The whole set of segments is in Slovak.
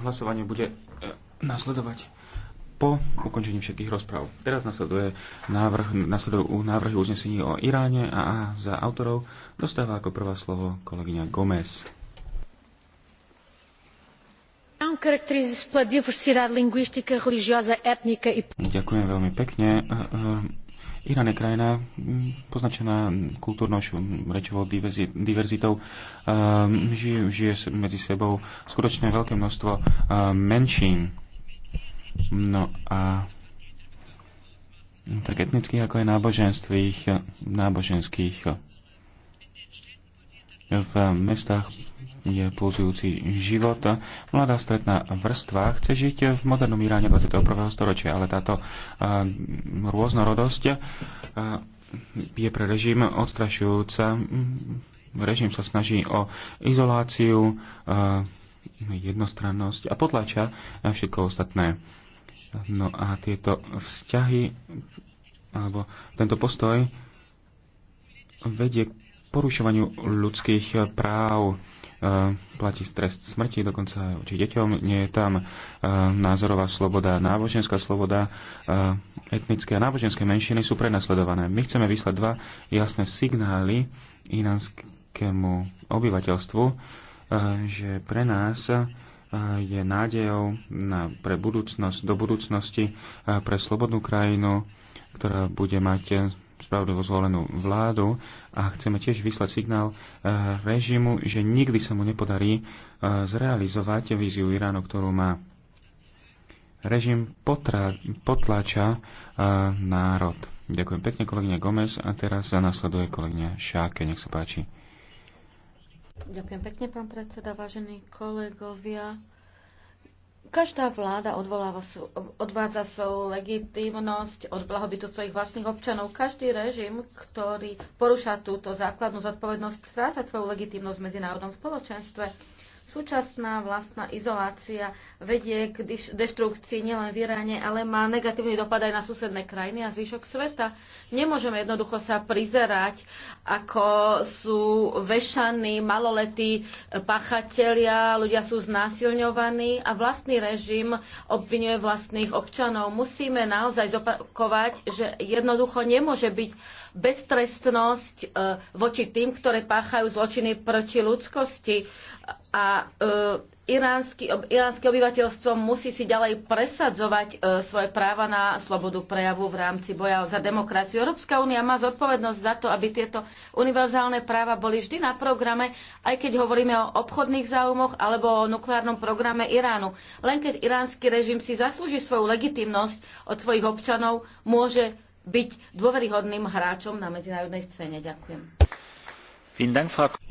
Hlasovanie bude e, nasledovať po ukončení všetkých rozpráv. Teraz nasleduje návrh, nasledujú návrhy uznesení o Iráne a za autorov dostáva ako prvá slovo kolegyňa Gomez. Um e Ďakujem veľmi pekne. E, Irán je krajina poznačená kultúrnou rečovou diverzitou. Ehm, žije, žije medzi sebou skutočne veľké množstvo ehm, menšín. No a tak etnických ako aj náboženských, náboženských v mestách je pulzujúci život. Mladá stredná vrstva chce žiť v modernom Iráne 21. storočia, ale táto rôznorodosť je pre režim odstrašujúca. Režim sa snaží o izoláciu, jednostrannosť a potlača všetko ostatné. No a tieto vzťahy alebo tento postoj vedie k porušovaniu ľudských práv. E, platí trest smrti, dokonca či deťom nie je tam e, názorová sloboda, náboženská sloboda, e, etnické a náboženské menšiny sú prenasledované. My chceme vyslať dva jasné signály iránskému obyvateľstvu, že pre nás je nádejou na, pre budúcnosť, do budúcnosti, pre slobodnú krajinu, ktorá bude mať spravodlivo zvolenú vládu a chceme tiež vyslať signál eh, režimu, že nikdy sa mu nepodarí eh, zrealizovať víziu Iránu, ktorú má. Režim potra- potláča eh, národ. Ďakujem pekne, kolegyňa Gomez. A teraz sa nasleduje kolegyňa Šáke. Nech sa páči. Ďakujem pekne, pán predseda, vážení kolegovia Každá vláda odvoláva, odvádza svoju legitimnosť od blahobytu svojich vlastných občanov. Každý režim, ktorý porúša túto základnú zodpovednosť, stráca svoju legitimnosť v medzinárodnom spoločenstve. Súčasná vlastná izolácia vedie k deštrukcii nielen v Iráne, ale má negatívny dopad aj na susedné krajiny a zvyšok sveta. Nemôžeme jednoducho sa prizerať, ako sú vešaní maloletí pachatelia, ľudia sú znásilňovaní a vlastný režim obvinuje vlastných občanov. Musíme naozaj zopakovať, že jednoducho nemôže byť beztrestnosť e, voči tým, ktoré páchajú zločiny proti ľudskosti. A e, iránsky, iránske obyvateľstvo musí si ďalej presadzovať e, svoje práva na slobodu prejavu v rámci boja za demokraciu. Európska únia má zodpovednosť za to, aby tieto univerzálne práva boli vždy na programe, aj keď hovoríme o obchodných záujmoch alebo o nukleárnom programe Iránu. Len keď iránsky režim si zaslúži svoju legitimnosť od svojich občanov, môže byť dôveryhodným hráčom na medzinárodnej scéne. Ďakujem.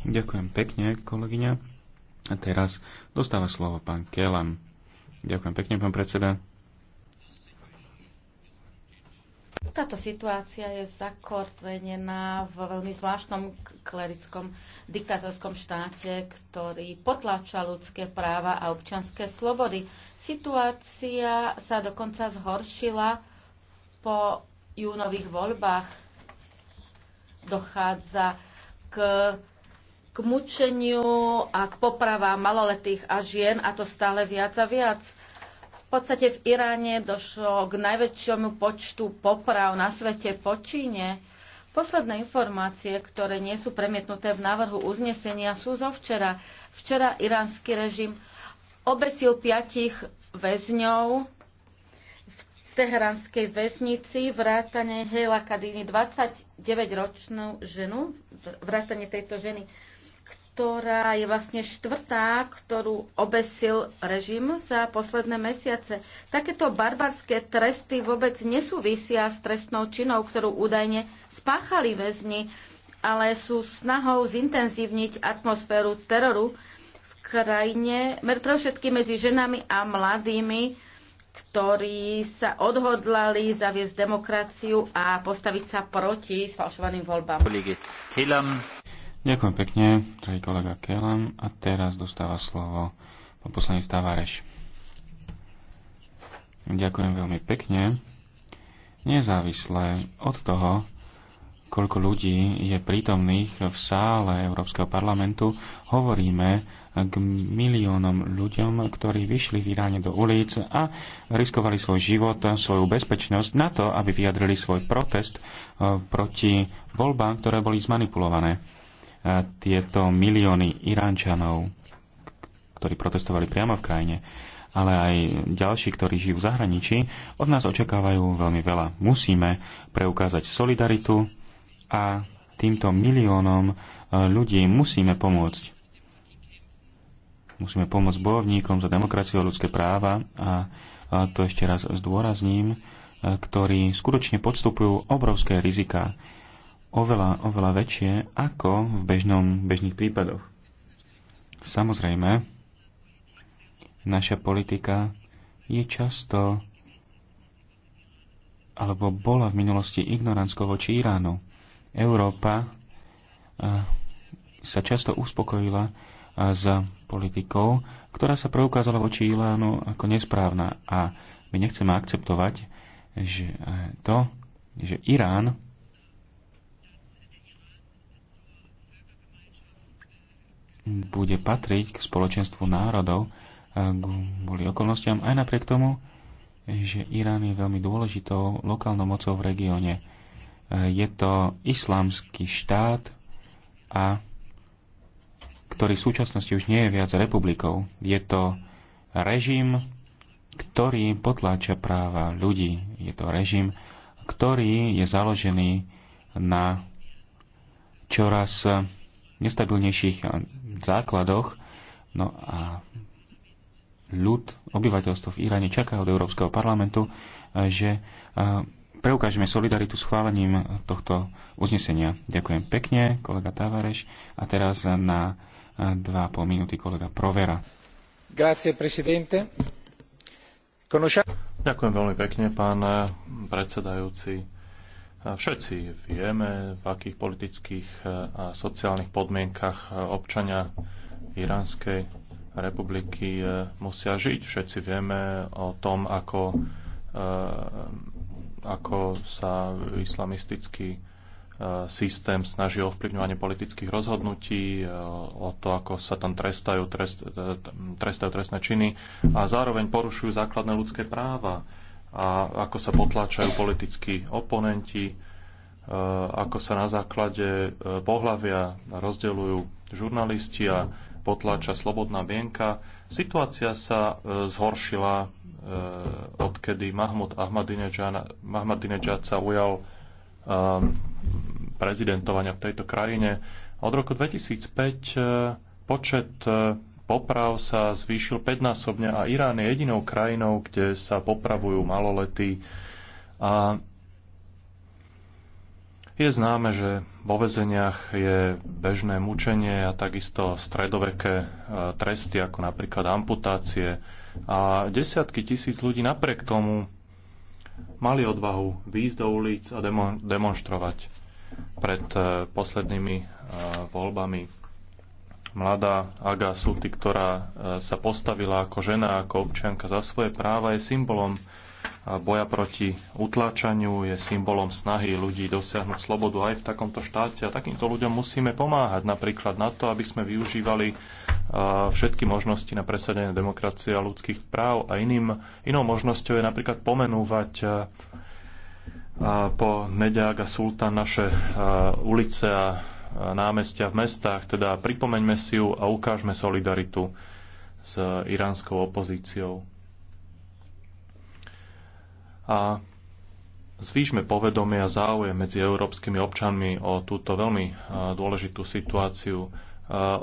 Ďakujem pekne, kolegyňa. A teraz dostáva slovo pán Kelam. Ďakujem pekne, pán predseda. Táto situácia je zakorvenená v veľmi zvláštnom klerickom diktátorskom štáte, ktorý potláča ľudské práva a občanské slobody. Situácia sa dokonca zhoršila po júnových voľbách dochádza k, k mučeniu a k popravám maloletých a žien a to stále viac a viac. V podstate v Iráne došlo k najväčšiemu počtu poprav na svete po Číne. Posledné informácie, ktoré nie sú premietnuté v návrhu uznesenia, sú zo včera. Včera iránsky režim obesil piatich väzňov teheranskej väznici, vrátane Hela Kadini, 29-ročnú ženu, vrátane tejto ženy, ktorá je vlastne štvrtá, ktorú obesil režim za posledné mesiace. Takéto barbarské tresty vôbec nesúvisia s trestnou činou, ktorú údajne spáchali väzni, ale sú snahou zintenzívniť atmosféru teroru v krajine, všetky medzi ženami a mladými, ktorí sa odhodlali zaviesť demokraciu a postaviť sa proti sfalšovaným voľbám. Ďakujem pekne, drahý kolega Kelam. A teraz dostáva slovo pán poslanec Tavareš. Ďakujem veľmi pekne. Nezávisle od toho, koľko ľudí je prítomných v sále Európskeho parlamentu, hovoríme k miliónom ľuďom, ktorí vyšli v Iráne do ulic a riskovali svoj život, svoju bezpečnosť na to, aby vyjadrili svoj protest eh, proti voľbám, ktoré boli zmanipulované. Eh, tieto milióny Iránčanov, ktorí protestovali priamo v krajine, ale aj ďalší, ktorí žijú v zahraničí, od nás očakávajú veľmi veľa. Musíme preukázať solidaritu, a týmto miliónom e, ľudí musíme pomôcť. Musíme pomôcť bojovníkom za demokraciu a ľudské práva a to ešte raz zdôrazním, e, ktorí skutočne podstupujú obrovské rizika, oveľa, oveľa väčšie ako v bežnom, bežných prípadoch. Samozrejme, naša politika je často alebo bola v minulosti ignorantskou voči Iránu Európa eh, sa často uspokojila eh, s politikou, ktorá sa preukázala voči Iránu ako nesprávna. A my nechceme akceptovať že eh, to, že Irán bude patriť k spoločenstvu národov kvôli okolnostiam aj napriek tomu, že Irán je veľmi dôležitou lokálnou mocou v regióne je to islamský štát, a ktorý v súčasnosti už nie je viac republikou. Je to režim, ktorý potláča práva ľudí. Je to režim, ktorý je založený na čoraz nestabilnejších základoch. No a ľud, obyvateľstvo v Iráne čaká od Európskeho parlamentu, že preukážeme solidaritu schválením tohto uznesenia. Ďakujem pekne, kolega Tavareš. A teraz na 2,5 eh, minúty kolega Provera. Grazie, presidente. Ďakujem veľmi pekne, pán eh, predsedajúci. Eh, všetci vieme, v akých politických a sociálnych podmienkach občania Iránskej republiky musia žiť. Všetci vieme o tom, ako sa islamistický e, systém snaží o vplyvňovanie politických rozhodnutí, e, o to, ako sa tam trestajú, trest, e, trestajú trestné činy a zároveň porušujú základné ľudské práva a ako sa potláčajú politickí oponenti, ako sa na základe pohľavia rozdeľujú žurnalisti a potláča slobodná mienka. Situácia sa e, zhoršila, e, odkedy Mahmud Ahmadinejad, Ahmadinejad sa ujal e, prezidentovania v tejto krajine. Od roku 2005 počet poprav sa zvýšil 5-násobne a Irán je jedinou krajinou, kde sa popravujú maloletí. A je známe, že vo väzeniach je bežné mučenie a takisto stredoveké e, tresty, ako napríklad amputácie. A desiatky tisíc ľudí napriek tomu mali odvahu výjsť do ulic a demonstrovať pred e, poslednými e, voľbami. Mladá Aga Suti, ktorá sa postavila ako žena, ako občianka za svoje práva, je symbolom boja proti utláčaniu, je symbolom snahy ľudí dosiahnuť slobodu aj v takomto štáte. A takýmto ľuďom musíme pomáhať napríklad na to, aby sme využívali všetky možnosti na presadenie demokracie a ľudských práv. A iným, inou možnosťou je napríklad pomenúvať po Mediák a Sultán naše ulice a námestia v mestách. Teda pripomeňme si ju a ukážme solidaritu s iránskou opozíciou a zvýšme povedomie a záujem medzi európskymi občanmi o túto veľmi e, dôležitú situáciu. E,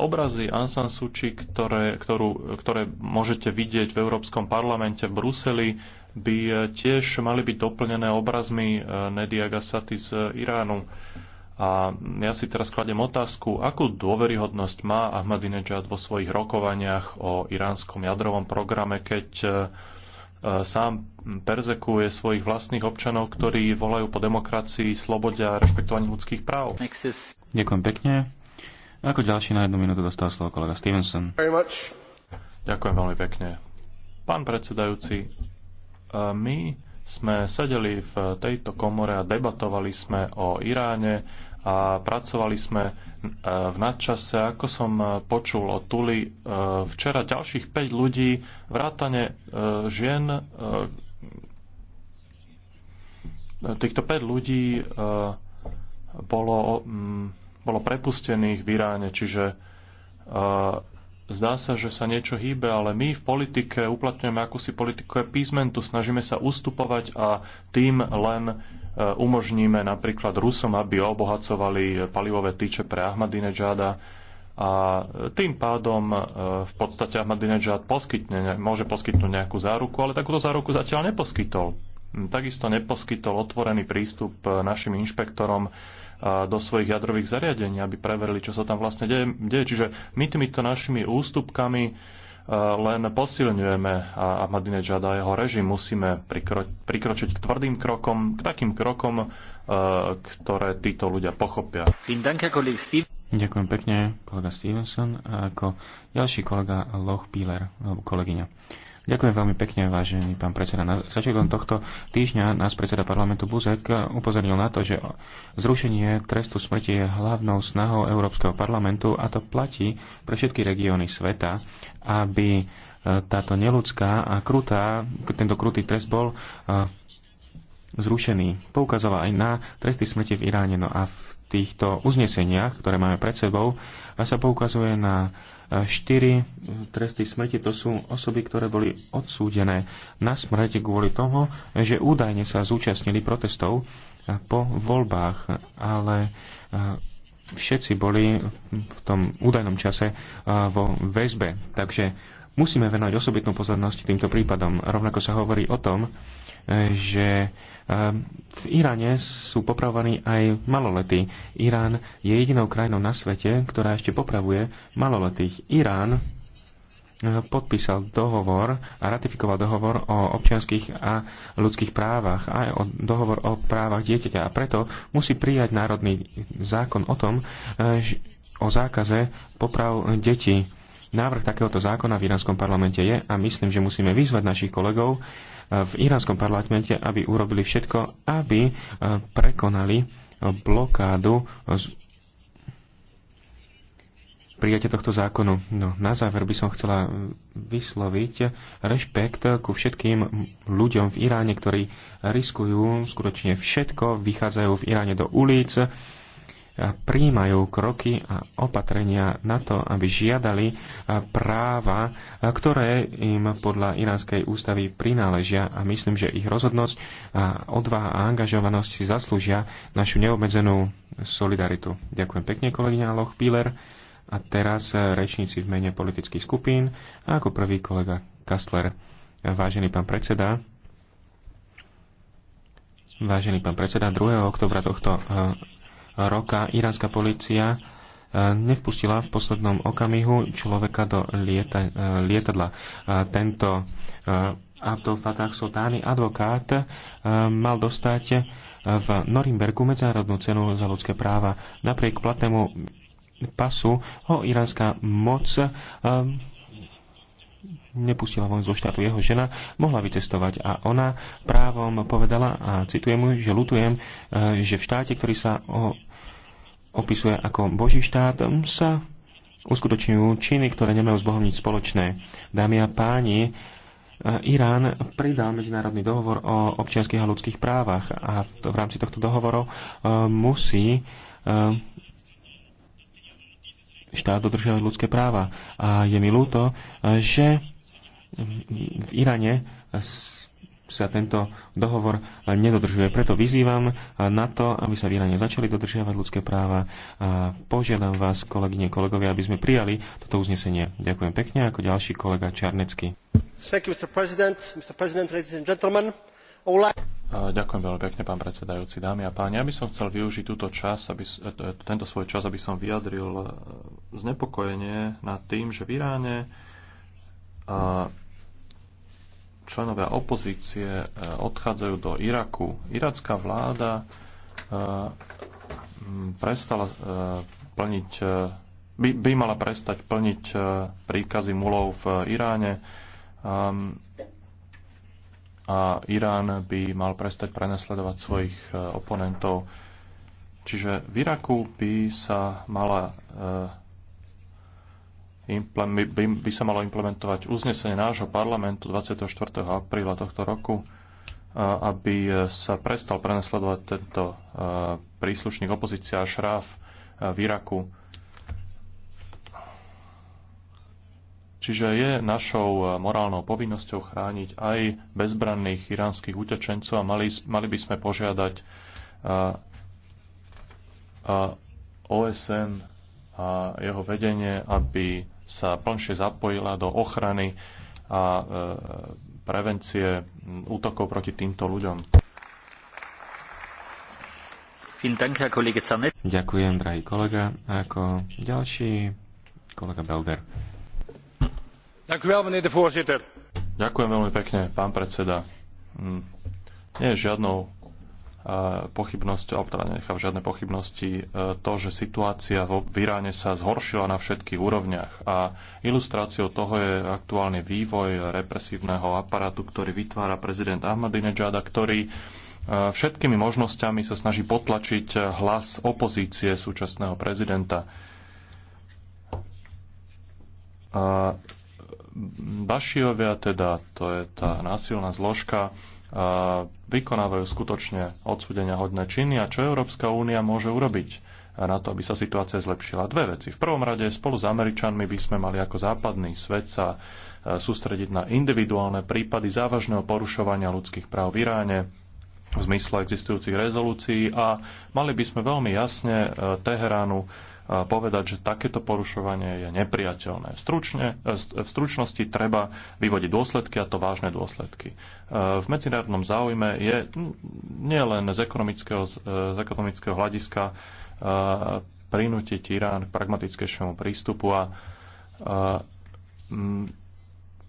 obrazy Ansan Suči, ktoré, ktorú, ktoré môžete vidieť v Európskom parlamente v Bruseli, by e, tiež mali byť doplnené obrazmi Nedy Agassati z Iránu. A ja si teraz kladem otázku, akú dôveryhodnosť má Ahmadinejad vo svojich rokovaniach o iránskom jadrovom programe, keď Eh, sám perzekuje svojich vlastných občanov, ktorí volajú po demokracii, slobode a rešpektovaní ľudských práv. Ďakujem pekne. Ako ďalší na jednu minútu dostal slovo kolega Stevenson. Ďakujem veľmi pekne. Pán predsedajúci, eh, my sme sedeli v tejto komore a debatovali sme o Iráne, a pracovali sme e, v nadčase. Ako som e, počul od Tuli, e, včera ďalších 5 ľudí, vrátane žien, týchto 5 ľudí bolo, bolo prepustených v Iráne, čiže zdá sa, že sa niečo hýbe, ale my v politike uplatňujeme akúsi politiku písmentu, snažíme sa ustupovať a tým len e, umožníme napríklad Rusom, aby obohacovali palivové tyče pre Ahmadinejada a tým pádom e, v podstate Ahmadinejad poskytne, môže poskytnúť nejakú záruku, ale takúto záruku zatiaľ neposkytol. Takisto neposkytol otvorený prístup eh, našim inšpektorom eh, do svojich jadrových zariadení, aby preverili, čo sa tam vlastne deje. deje. Čiže my týmito našimi ústupkami eh, len posilňujeme Ahmadinejad a jeho režim. Musíme prikro- prikročiť k tvrdým krokom, k takým krokom, ktoré títo ľudia pochopia. Ďakujem pekne, kolega Stevenson, a ako ďalší kolega Loch Píler, alebo kolegyňa. Ďakujem veľmi pekne, vážený pán predseda. Na začiatkom tohto týždňa nás predseda parlamentu Buzek upozornil na to, že zrušenie trestu smrti je hlavnou snahou Európskeho parlamentu a to platí pre všetky regióny sveta, aby e, táto neludská a krutá, tento krutý trest bol e, zrušený. Poukázala aj na tresty smrti v Iráne. No a v týchto uzneseniach, ktoré máme pred sebou, e, sa poukazuje na Štyri tresty smrti to sú osoby, ktoré boli odsúdené na smrť kvôli tomu, že údajne sa zúčastnili protestov po voľbách, ale e, všetci boli v tom údajnom čase e, vo väzbe. Takže Musíme venovať osobitnú pozornosť týmto prípadom. Rovnako sa hovorí o tom, že eh, v Iráne sú popravovaní aj maloletí. Irán je jedinou krajinou na svete, ktorá ešte popravuje maloletých. Irán eh, podpísal dohovor a ratifikoval dohovor o občianských a ľudských právach aj o dohovor o právach dieťaťa a preto musí prijať národný zákon o tom, eh, o zákaze poprav detí Návrh takéhoto zákona v iránskom parlamente je a myslím, že musíme vyzvať našich kolegov eh, v iránskom parlamente, aby urobili všetko, aby eh, prekonali eh, blokádu z prijatia tohto zákonu. No, na záver by som chcela vysloviť rešpekt ku všetkým ľuďom v Iráne, ktorí riskujú skutočne všetko, vychádzajú v Iráne do ulic, príjmajú kroky a opatrenia na to, aby žiadali práva, ktoré im podľa iránskej ústavy prináležia a myslím, že ich rozhodnosť, odvaha a angažovanosť si zaslúžia našu neobmedzenú solidaritu. Ďakujem pekne, kolegyňa Loch Píler. A teraz e, rečníci v mene politických skupín a ako prvý kolega Kastler. Vážený pán predseda, Vážený pán predseda, 2. oktobra tohto e, roka iránska policia e, nevpustila v poslednom okamihu človeka do lieta, e, lietadla. E, tento Abdul Fatah Sotány, advokát, mal dostať v Norimbergu medzinárodnú cenu za ľudské práva. Napriek platnému pasu ho iránska moc nepustila von zo štátu. Jeho žena mohla vycestovať a ona právom povedala, a citujem, že lutujem, že v štáte, ktorý sa o opisuje ako Boží štát, sa uskutočňujú činy, ktoré nemajú s Bohom nič spoločné. Dámy a páni, Irán pridal medzinárodný dohovor o občianských a ľudských právach a v rámci tohto dohovoru e, musí e, štát dodržiavať ľudské práva. A je mi ľúto, e, že v Iráne sa tento dohovor nedodržuje. Preto vyzývam na to, aby sa v Iráne začali dodržiavať ľudské práva. a Požiadam vás, kolegyne, kolegovia, aby sme prijali toto uznesenie. Ďakujem pekne, ako ďalší kolega Čarnecký. Ďakujem veľmi pekne, pán predsedajúci, dámy a páni. Ja by som chcel využiť túto čas, aby, e, e, tento svoj čas, aby som vyjadril e, znepokojenie nad tým, že v Iráne členovia opozície e, odchádzajú do Iraku. Iracká vláda e, prestala e, plniť, by, by mala prestať plniť príkazy mulov v Iráne ehm, a Irán by mal prestať prenasledovať svojich oponentov. Čiže v Iraku by sa mala by, by sa malo implementovať uznesenie nášho parlamentu 24. apríla tohto roku, aby e, sa prestal prenasledovať tento e, príslušník opozícia Šráf e, v Iraku. Čiže je našou morálnou povinnosťou chrániť aj bezbranných iránskych utečencov a mali, mali by sme požiadať a, a OSN a jeho vedenie, aby sa plnšie zapojila do ochrany a e, prevencie útokov proti týmto ľuďom. Ďakujem, drahý kolega. A ako ďalší, kolega Belder. Ďakujem veľmi pekne, pán predseda. Hm. Nie je žiadnou pochybnosti, alebo teda nenechám žiadne pochybnosti, e, to, že situácia v Iráne sa zhoršila na všetkých úrovniach. A ilustráciou toho je aktuálny vývoj represívneho aparátu, ktorý vytvára prezident Ahmadinejad, ktorý e, všetkými možnosťami sa snaží potlačiť hlas opozície súčasného prezidenta. A Bašiovia, teda to je tá násilná zložka, vykonávajú skutočne odsúdenia hodné činy a čo Európska únia môže urobiť na to, aby sa situácia zlepšila. Dve veci. V prvom rade spolu s Američanmi by sme mali ako západný svet sa e, sústrediť na individuálne prípady závažného porušovania ľudských práv v Iráne v zmysle existujúcich rezolúcií a mali by sme veľmi jasne e, Teheránu povedať, že takéto porušovanie je nepriateľné. Stručne, e, v stručnosti treba vyvodiť dôsledky a to vážne dôsledky. E, v medzinárodnom záujme je nielen z ekonomického, z e, ekonomického hľadiska prinútiť Irán k pragmatickejšiemu prístupu a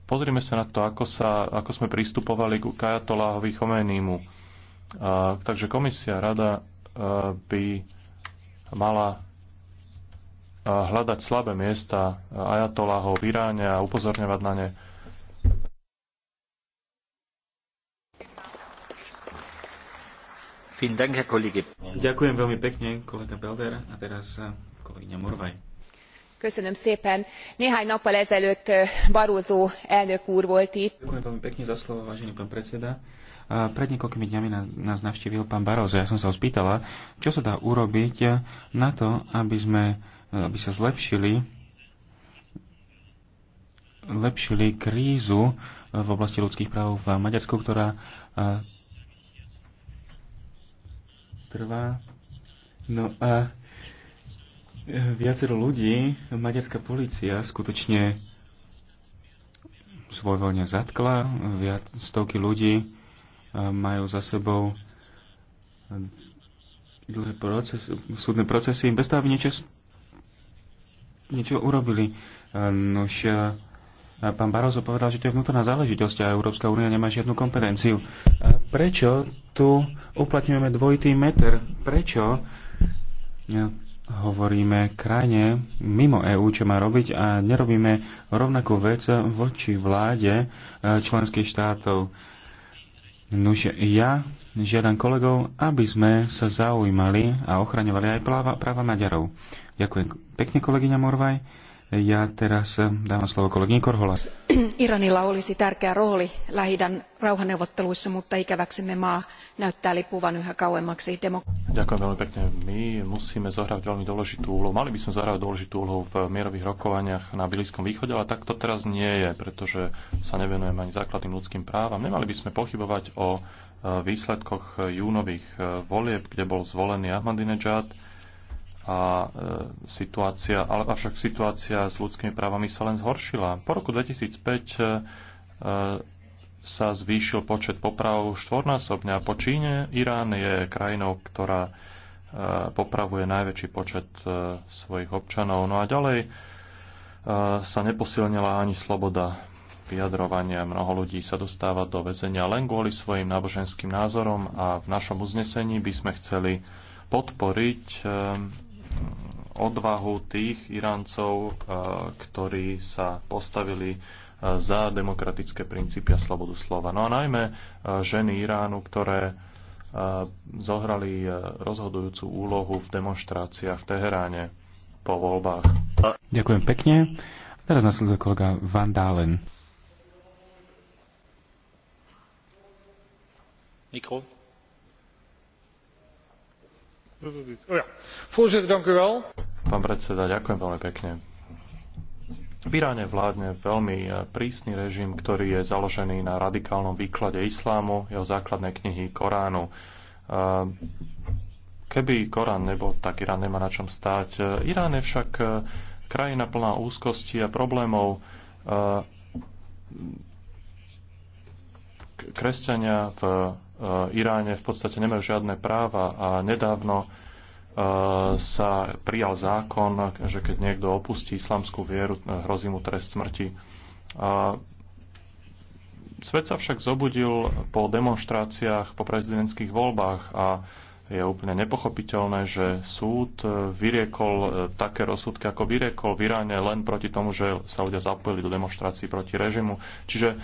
pozrime sa na to, ako, sa, ako sme pristupovali k Kajatoláhovi Chomenímu. Takže komisia, rada by mala hľadať slabé miesta ajatoláho v Iráne a upozorňovať na ne. Ďakujem veľmi pekne, kolega Belder. A teraz eh, kolegyňa Morvaj. Köszönöm szépen. Néhány nappal ezelőtt eh, Barózó elnök úr volt itt. Ďakujem veľmi pekne za slovo, vážený pán predseda. A pred niekoľkými dňami nás navštívil pán Barózo. Ja som sa ho spýtala, čo sa dá urobiť eh, na to, aby sme aby sa zlepšili lepšili krízu v oblasti ľudských práv v Maďarsku, ktorá trvá. No a e, viacero ľudí, maďarská policia skutočne svojvoľne zatkla, viac stovky ľudí e, majú za sebou dlhé proces, súdne procesy, bez toho, aby niečo niečo urobili. Ehm, Nož, e, pán Barozo povedal, že to je vnútorná záležitosť a Európska únia nemá žiadnu kompetenciu. E, prečo tu uplatňujeme dvojitý meter? Prečo e, hovoríme krajine mimo EÚ, čo má robiť a nerobíme rovnakú vec voči vláde členských štátov? Nuž ja žiadam kolegov, aby sme sa zaujímali a ochraňovali aj práva, práva Maďarov. Ďakujem pekne, kolegyňa Morvaj. Ja teraz eh, dávam slovo kolegyni Korhola. Iranilla olisi tärkeä rooli lähidän rauhaneuvotteluissa, mutta ikäväksemme maa näyttää lipuvan yhä kauemmaksi demokratiaan. Ďakujem veľmi pekne. My musíme zohrať veľmi dôležitú úlohu. Mali by sme zohrať dôležitú úlohu v mierových rokovaniach na Blízkom východe, ale tak to teraz nie je, pretože sa nevenujeme ani základným ľudským právam. Nemali by sme pochybovať o eh, výsledkoch eh, júnových volieb, kde bol zvolený Ahmadinejad a e, situácia, ale avšak situácia s ľudskými právami sa len zhoršila. Po roku 2005 e, e, sa zvýšil počet poprav štvornásobne a po Číne Irán je krajinou, ktorá e, popravuje najväčší počet e, svojich občanov. No a ďalej e, sa neposilnila ani sloboda vyjadrovania. Mnoho ľudí sa dostáva do väzenia len kvôli svojim náboženským názorom a v našom uznesení by sme chceli podporiť e, odvahu tých Iráncov, e, ktorí sa postavili e, za demokratické princípy a slobodu slova. No a najmä e, ženy Iránu, ktoré zohrali rozhodujúcu úlohu v demonstráciách v Teheráne po voľbách. Ďakujem pekne. teraz nasleduje kolega Van Dalen. Mikro. Pán predseda, ďakujem veľmi pekne. V Iráne vládne veľmi eh, prísny režim, ktorý je založený na radikálnom výklade islámu, jeho základnej knihy Koránu. Eh, keby Korán nebol, tak Irán nemá na čom stáť. Eh, Irán je však krajina plná úzkosti a problémov. Kresťania v Eh, Iráne v podstate nemajú žiadne práva a nedávno eh, sa prijal zákon, že keď niekto opustí islamskú vieru, eh, hrozí mu trest smrti. svet sa však zobudil po demonstráciách, po prezidentských voľbách a je úplne nepochopiteľné, že súd vyriekol také rozsudky, ako vyriekol v Iráne len proti tomu, že sa ľudia zapojili do demonstrácií proti režimu. Čiže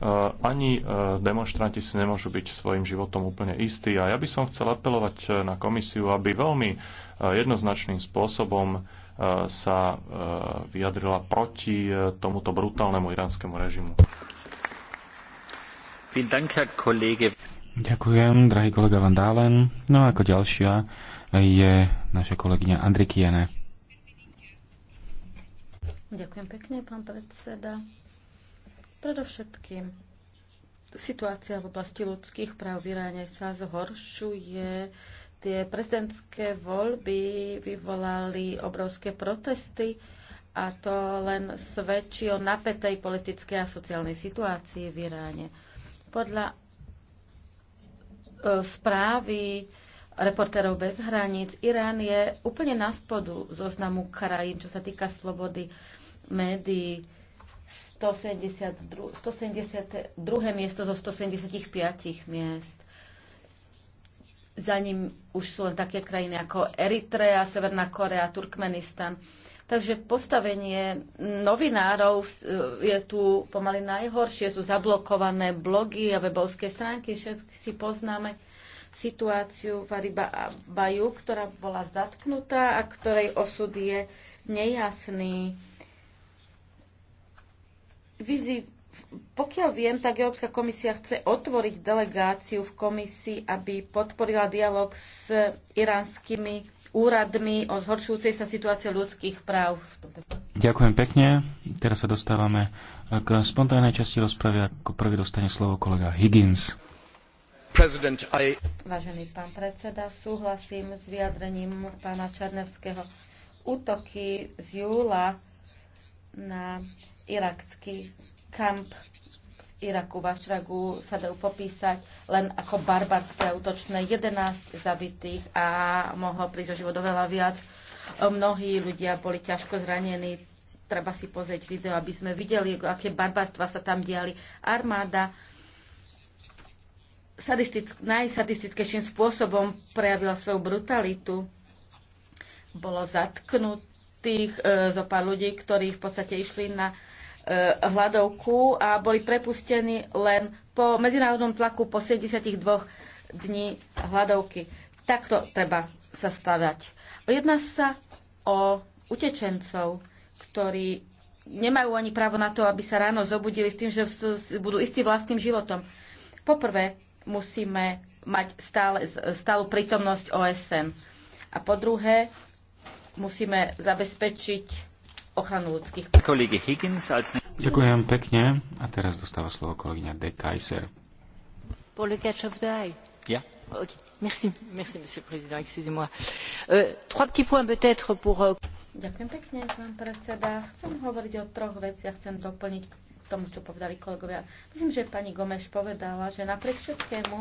Eh, ani eh, demonstranti si nemôžu byť svojim životom úplne istí. A ja by som chcel apelovať eh, na komisiu, aby veľmi jednoznačným spôsobom sa vyjadrila proti tomuto brutálnemu iránskemu režimu. Ďakujem, drahý kolega Van Dalen. No a ako ďalšia je naša kolegyňa Andrikiene. Ďakujem pekne, pán predseda. Predovšetkým situácia v oblasti ľudských práv v Iráne sa zhoršuje. Tie prezidentské voľby vyvolali obrovské protesty a to len svedčí o napätej politickej a sociálnej situácii v Iráne. Podľa e, správy reportérov bez hraníc, Irán je úplne na spodu zoznamu krajín, čo sa týka slobody médií 172, 172. miesto zo 175 miest. Za ním už sú len také krajiny ako Eritrea, Severná Korea, Turkmenistan. Takže postavenie novinárov e, je tu pomaly najhoršie. Sú zablokované blogy a webovské stránky. všetci si poznáme situáciu v baju, ktorá bola zatknutá a ktorej osud je nejasný vizi, pokiaľ viem, tak Európska komisia chce otvoriť delegáciu v komisii, aby podporila dialog s iránskymi úradmi o zhoršujúcej sa situácii ľudských práv. Ďakujem pekne. Teraz sa dostávame eh, k spontánnej časti rozpravy. Ako prvý dostane slovo kolega Higgins. I... Vážený pán predseda, súhlasím s vyjadrením pána Černevského. Útoky z júla na irakský kamp v Iraku, v Ašragu sa dajú popísať len ako barbarské útočné. 11 zabitých a mohlo prísť o život oveľa viac. Mnohí ľudia boli ťažko zranení. Treba si pozrieť video, aby sme videli, aké barbarstva sa tam diali. Armáda sadistick, najsadistickejším spôsobom prejavila svoju brutalitu. Bolo zatknutých e, zo pár ľudí, ktorí v podstate išli na E, hladovku a boli prepustení len po medzinárodnom tlaku po 72 dní hladovky. Takto treba sa stavať. Jedná sa o utečencov, ktorí nemajú ani právo na to, aby sa ráno zobudili s tým, že budú istí vlastným životom. Poprvé musíme mať stále, stálu prítomnosť OSN. A po druhé musíme zabezpečiť ochranu ľudských práv. Ďakujem pekne. A teraz dostáva slovo kolegyňa De Kaiser. Ja. Okay. Merci, merci, monsieur le président, excusez-moi. Euh, trois petits points peut-être pour... Euh, Ďakujem pekne, pán predseda. Chcem hovoriť o troch veciach, chcem doplniť k tomu, čo povedali kolegovia. Myslím, že pani Gomeš povedala, že napriek všetkému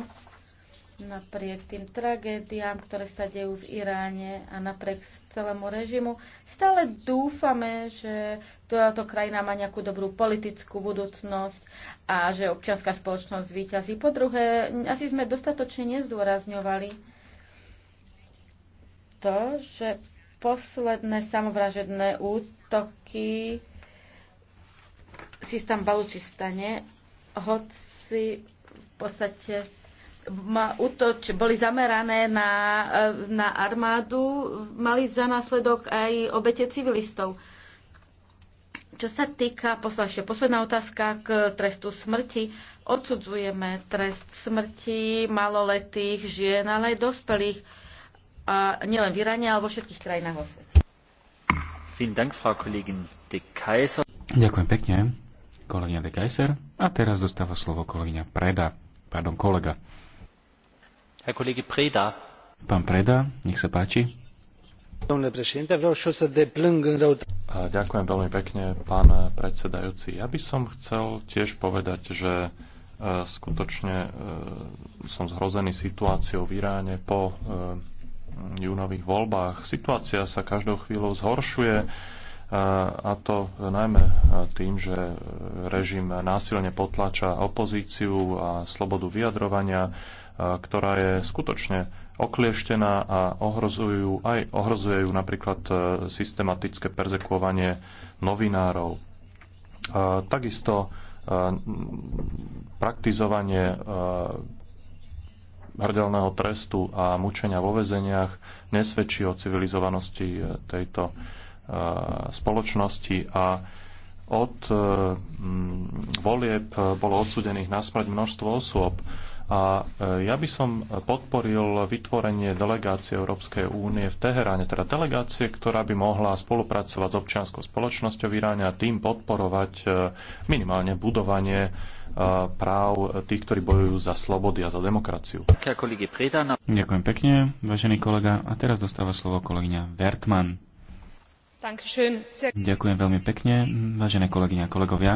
napriek tým tragédiám, ktoré sa dejú v Iráne a napriek celému režimu, stále dúfame, že táto krajina má nejakú dobrú politickú budúcnosť a že občianská spoločnosť výťazí. Po druhé, asi sme dostatočne nezdôrazňovali to, že posledné samovražedné útoky si tam Balučistane, hoci v podstate útoč, boli zamerané na, e, na armádu, mali za následok aj obete civilistov. Čo sa týka, ešte posledná otázka k trestu smrti. Odsudzujeme trest smrti maloletých žien, ale aj dospelých, a nielen v Iráne, ale vo všetkých krajinách vo svete. Ďakujem pekne, kolegyňa de Kaiser. A teraz dostáva slovo kolegyňa Preda, pardon, kolega. Pán Preda, nech sa páči. Ďakujem veľmi pekne, pán predsedajúci. Ja by som chcel tiež povedať, že e, skutočne e, som zhrozený situáciou v Iráne po e, júnových voľbách. Situácia sa každou chvíľou zhoršuje a to najmä tým, že režim násilne potlača opozíciu a slobodu vyjadrovania ktorá je skutočne oklieštená a ohrozujú, aj ohrozuje ju napríklad e, systematické perzekovanie novinárov. E, takisto e, praktizovanie hrdelného trestu a mučenia vo vezeniach nesvedčí o civilizovanosti tejto spoločnosti a od volieb bolo odsudených na smrť množstvo osôb. A e, ja by som podporil vytvorenie delegácie Európskej únie v Teheráne, teda delegácie, ktorá by mohla spolupracovať s občianskou spoločnosťou v Iráne a tým podporovať e, minimálne budovanie e, práv tých, ktorí bojujú za slobody a za demokraciu. Ďakujem pekne, vážený kolega. A teraz dostáva slovo kolegyňa Wertmann. Ďakujem veľmi pekne, vážené kolegyňa a kolegovia.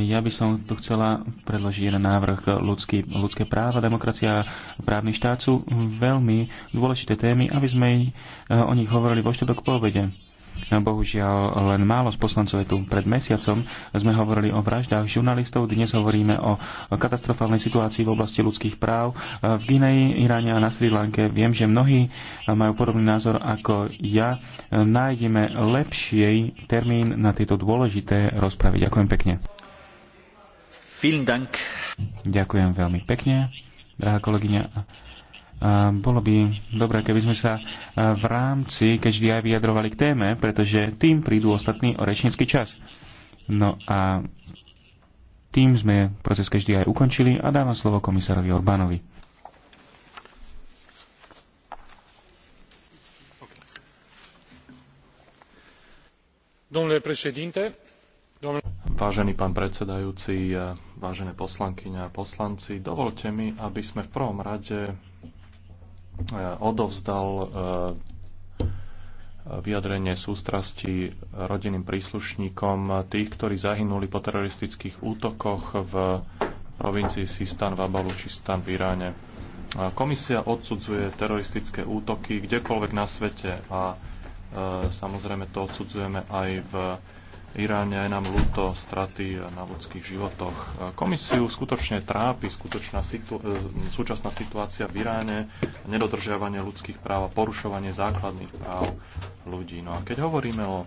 Ja by som tu chcela predložiť jeden návrh. Ľudský, ľudské práva, demokracia a právny štát sú veľmi dôležité témy, aby sme eh, o nich hovorili vo štvrtok po obede. Bohužiaľ, len málo z poslancov je tu. Pred mesiacom sme hovorili o vraždách žurnalistov, dnes hovoríme o katastrofálnej situácii v oblasti ľudských práv v Gineji, Iráne a na Sri Lanke. Viem, že mnohí majú podobný názor ako ja. Nájdeme lepší termín na tieto dôležité rozpravy. Ďakujem pekne. Vielen Dank. Ďakujem veľmi pekne, drahá kolegyňa bolo by dobré, keby sme sa v rámci každý aj vyjadrovali k téme, pretože tým prídu ostatný rečnícky čas. No a tým sme proces každý aj ukončili a dávam slovo komisárovi Orbánovi. Vážený pán predsedajúci, vážené poslankyne a poslanci, dovolte mi, aby sme v prvom rade Eh, odovzdal eh, vyjadrenie sústrasti rodinným príslušníkom tých, ktorí zahynuli po teroristických útokoch v provincii Sistan v Abalučistan v Iráne. Komisia odsudzuje teroristické útoky kdekoľvek na svete a eh, samozrejme to odsudzujeme aj v Iráne aj nám ľúto straty na ľudských životoch. Komisiu skutočne trápi skutočná situ- e, súčasná situácia v Iráne, nedodržiavanie ľudských práv a porušovanie základných práv ľudí. No a keď hovoríme o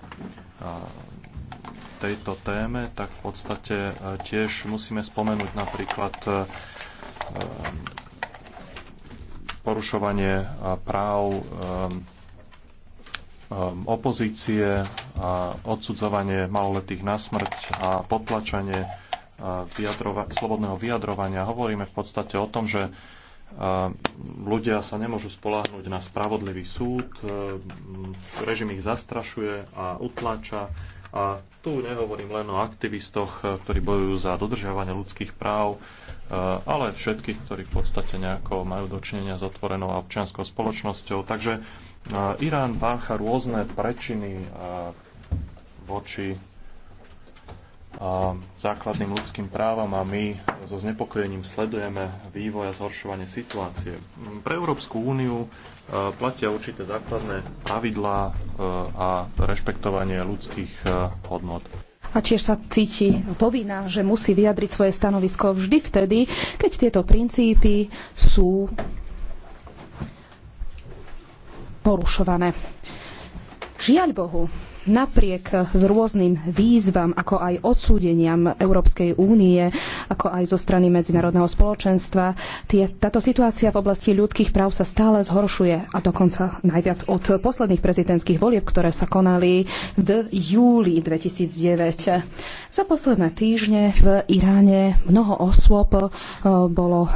tejto téme, tak v podstate e, tiež musíme spomenúť napríklad e, porušovanie práv Ehm, opozície a odsudzovanie maloletých na smrť a potlačanie eh, vyjadrova- slobodného vyjadrovania. Hovoríme v podstate o tom, že ehm, ľudia sa nemôžu spoláhnuť na spravodlivý súd, ehm, režim ich zastrašuje a utláča. A tu nehovorím len o aktivistoch, eh, ktorí bojujú za dodržiavanie ľudských práv, eh, ale všetkých, ktorí v podstate nejako majú dočinenia s otvorenou občianskou spoločnosťou. Takže Irán pácha rôzne prečiny voči základným ľudským právam a my so znepokojením sledujeme vývoj a zhoršovanie situácie. Pre Európsku úniu platia určité základné pravidlá a rešpektovanie ľudských hodnot. A tiež sa cíti povinná, že musí vyjadriť svoje stanovisko vždy vtedy, keď tieto princípy sú porušované. Žiaľ Bohu, napriek rôznym výzvam, ako aj odsúdeniam Európskej únie, ako aj zo strany medzinárodného spoločenstva, tie, táto situácia v oblasti ľudských práv sa stále zhoršuje a dokonca najviac od posledných prezidentských volieb, ktoré sa konali v júli 2009. Za posledné týždne v Iráne mnoho osôb eh, bolo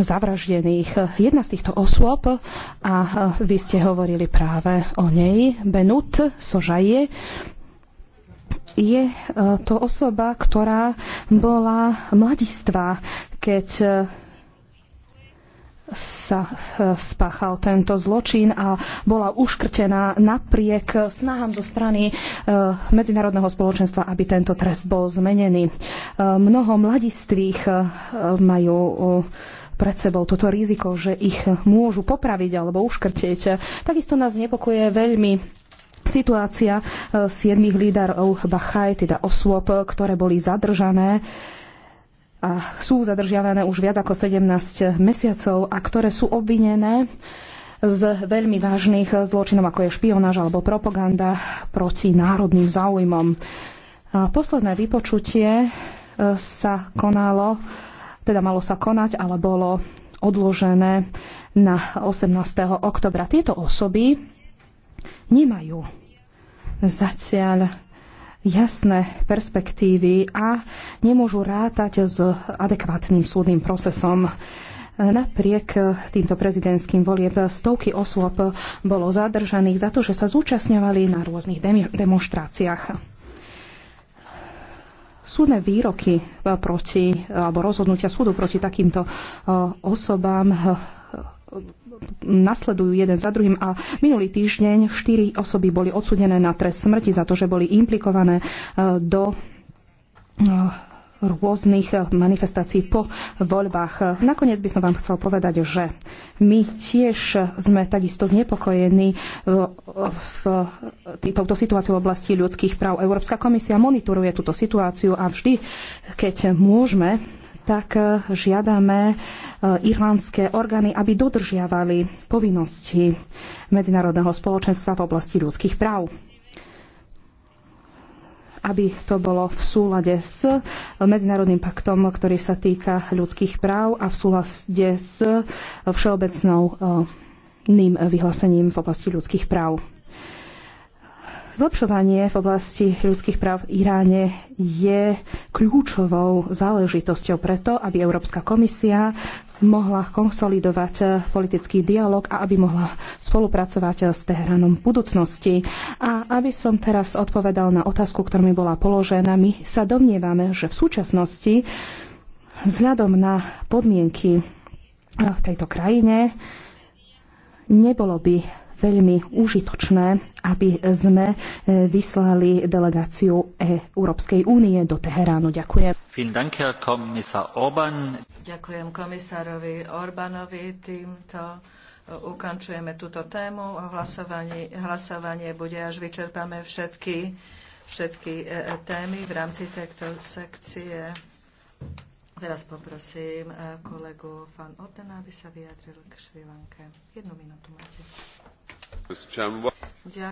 zavraždených. Jedna z týchto osôb, a vy ste hovorili práve o nej, Benut Sožaje, je e, to osoba, ktorá bola mladistvá, keď e, sa e, spáchal tento zločin a bola uškrtená napriek snahám zo strany medzinárodného spoločenstva, aby tento trest bol zmenený. Mnoho mladistvých majú pred sebou toto riziko, že ich môžu popraviť alebo uškrtieť. Takisto nás nepokoje veľmi situácia e, siedmých lídarov Bachaj, teda osôb, ktoré boli zadržané a sú zadržiavané už viac ako 17 mesiacov a ktoré sú obvinené z veľmi vážnych zločinov, ako je špionáž alebo propaganda proti národným záujmom. Posledné vypočutie e, sa konalo teda malo sa konať, ale bolo odložené na 18. oktobra. Tieto osoby nemajú zatiaľ jasné perspektívy a nemôžu rátať s adekvátnym súdnym procesom. Napriek týmto prezidentským volieb stovky osôb bolo zadržaných za to, že sa zúčastňovali na rôznych demonstráciách súdne výroky e, proti, e, alebo rozhodnutia súdu proti takýmto e, osobám nasledujú jeden za druhým a minulý týždeň štyri osoby boli odsudené na trest smrti za to, že boli implikované do rôznych manifestácií po voľbách. Nakoniec by som vám chcel povedať, že my tiež sme takisto znepokojení e, v e, touto situáciou v oblasti ľudských práv. Európska komisia monitoruje túto situáciu a vždy, keď môžeme, tak e, žiadame irlandské orgány, aby dodržiavali povinnosti medzinárodného spoločenstva v oblasti ľudských práv aby to bolo v súlade s Medzinárodným paktom, ktorý sa týka ľudských práv a v súlade s všeobecnou eh, vyhlásením v oblasti ľudských práv. Zlepšovanie v oblasti ľudských práv v Iráne je kľúčovou záležitosťou preto, aby Európska komisia mohla konsolidovať politický dialog a aby mohla spolupracovať s Tehranom v budúcnosti. A aby som teraz odpovedal na otázku, ktorá mi bola položená, my sa domnievame, že v súčasnosti vzhľadom na podmienky v tejto krajine nebolo by veľmi užitočné, aby sme e, vyslali delegáciu e, Európskej únie do Teheránu. Ďakujem. Ďakujem komisárovi Orbánovi. Týmto e, ukončujeme túto tému. Hlasovanie, hlasovanie bude, až vyčerpáme všetky, všetky témy v rámci tejto sekcie. Teraz poprosím kolegu Fan Otena, aby sa vyjadril k Šrilanke. Jednu minútu máte mr president